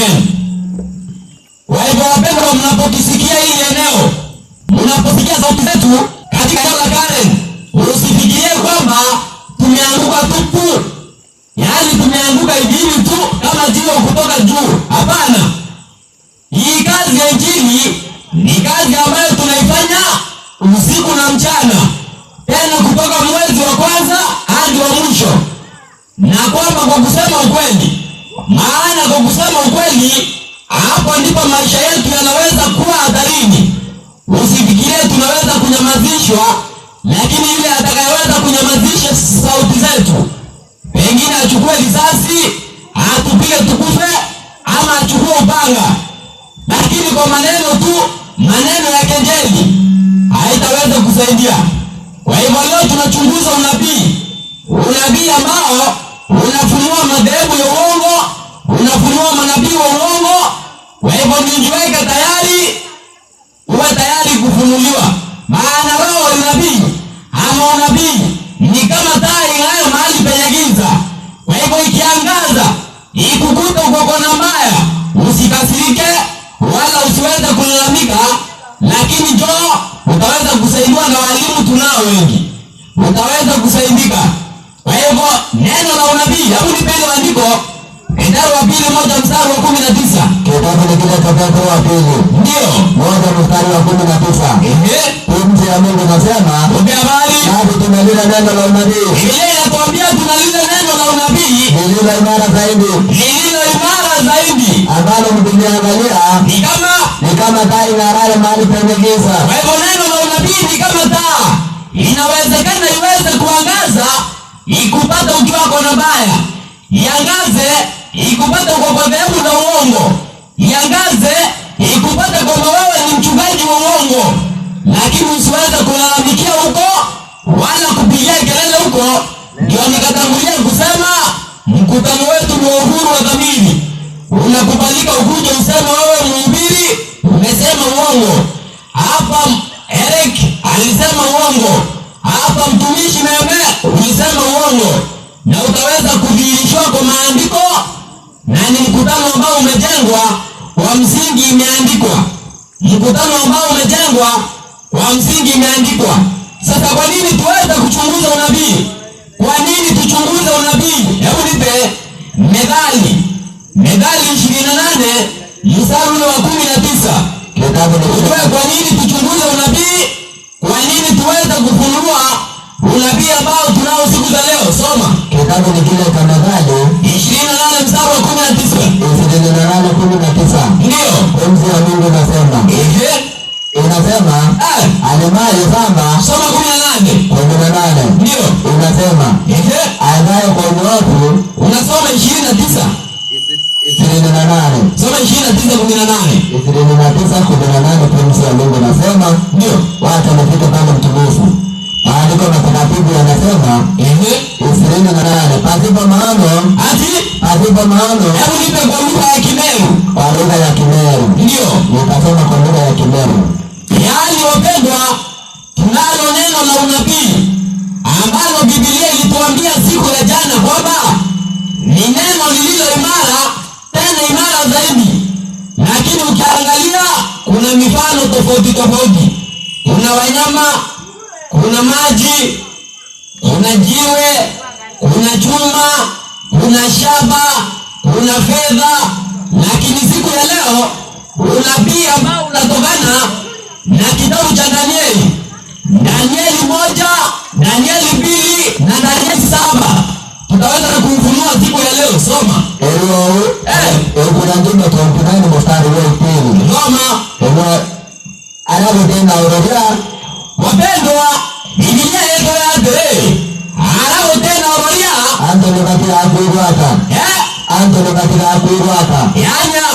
Amen. Waiba wapendwa, mnapokisikia hili eneo, mnaposikia sauti zetu katika eneo la Karen, usifikirie kwamba tumeanguka tupu, yaani tumeanguka Injili tu kama jiwe kutoka juu. Hapana, hii kazi ya Injili ni kazi ambayo tunaifanya usiku na mchana, tena kutoka mwezi wa kwanza hadi wa mwisho, na kwamba kwa kusema ukweli maana kwa kusema ukweli, hapo ndipo maisha yetu yanaweza kuwa hatarini. Usifikirie tunaweza kunyamazishwa, lakini yule atakayeweza kunyamazisha sauti zetu, pengine achukue risasi, atupige tukufe, ama achukue upanga, lakini kwa maneno tu, maneno ya kenjeli haitaweza kusaidia. Kwa hivyo leo tunachunguza unabii, unabii ambao unafunua madhehebu ya uongo unafunua manabii wa uongo. Kwa hivyo nijiweke tayari, uwe tayari kufunuliwa, maana roho ya nabii ama unabii ni kama taa ing'ayo mahali penye giza. Kwa hivyo ikiangaza ikukuta uko kona mbaya, usikasirike wala usiweze kulalamika, lakini jo utaweza kusaidiwa na walimu tunao wengi, utaweza kusaidika. Kwa hivyo neno la unabii, hebu nipende maandiko Mstari wa pili moja mstari wa kumi na tisa kitabu kile cha Petro wa pili ndio moja mstari wa kumi na tisa mtu ya Mungu nasema bali tunalinda neno la unabii. Biblia inatuambia tunalinda neno la unabii lililo imara zaidi, lililo imara zaidi ambalo mkiliangalia ni kama ni kama taa ing'aayo mahali penye giza. Kwa hivyo neno la unabii ni kama taa, inawezekana iweze kuangaza ikupata ukiwa kona mbaya, iangaze ikupata baba yangu na uongo, iangaze ikupata kwamba wewe ni mchungaji wa uongo, lakini usiweze kulalamikia huko wala kupigia kelele huko. Ndio nikatangulia kusema mkutano wetu ni wa uhuru wa dhamiri, unakubalika ukuja usema wewe mhubiri umesema uongo hapa. Eric alisema uongo hapa, mtumishi meme ulisema uongo, na utaweza kudhihirishwa kwa maandiko na ni mkutano ambao umejengwa wa msingi imeandikwa, mkutano ambao umejengwa wa msingi imeandikwa. Sasa kwa nini tuweza kuchunguza unabii? Kwa nini tuchunguze unabii? Hebu nipe Methali, Methali ishirini na nane mstari wa kumi na tisa. Kwa nini tuchunguze unabii? Kwa nini tuweze kufunua unabii ambao tunao siku za leo? Soma kitabu ni kile kama kwamba soma kumi na nane kumi na nane ndio unasema adhaye kwa uovu. Unasoma ishirini na tisa ishirini na nane soma ishirini na tisa kumi na nane ishirini na tisa kumi na nane Mtumishi wa Mungu nasema ndio, watu wamefika pale mtumishi maandiko matakatifu yanasema ishirini na nane pasipo maono, pasipo maono. Hebu nipe kwa lugha ya Kimeru, kwa lugha ya Kimeru ndio nitasoma kwa lugha ya Kimeru, yaani wapendwa unabii ambalo Biblia ilituambia siku ya jana kwamba ni neno lililo imara tena imara zaidi. Lakini ukiangalia kuna mifano tofauti tofauti, kuna wanyama, kuna maji, kuna jiwe, kuna chuma, kuna shaba, kuna fedha. Lakini siku ya leo unabii ambao unatokana na kitabu cha Danieli Danieli moja, Danieli mbili na Danieli saba tutaweza na kuifunua siku ya leo. Soma Eh, kwa ekunanjimetompinani mstari wa pili. Soma anavyotenda orodha. Wapendwa, Biblia yetu yake anavyotenda orodha, antoni katika akuirwaka eh. antoni katika akuirwaka yanya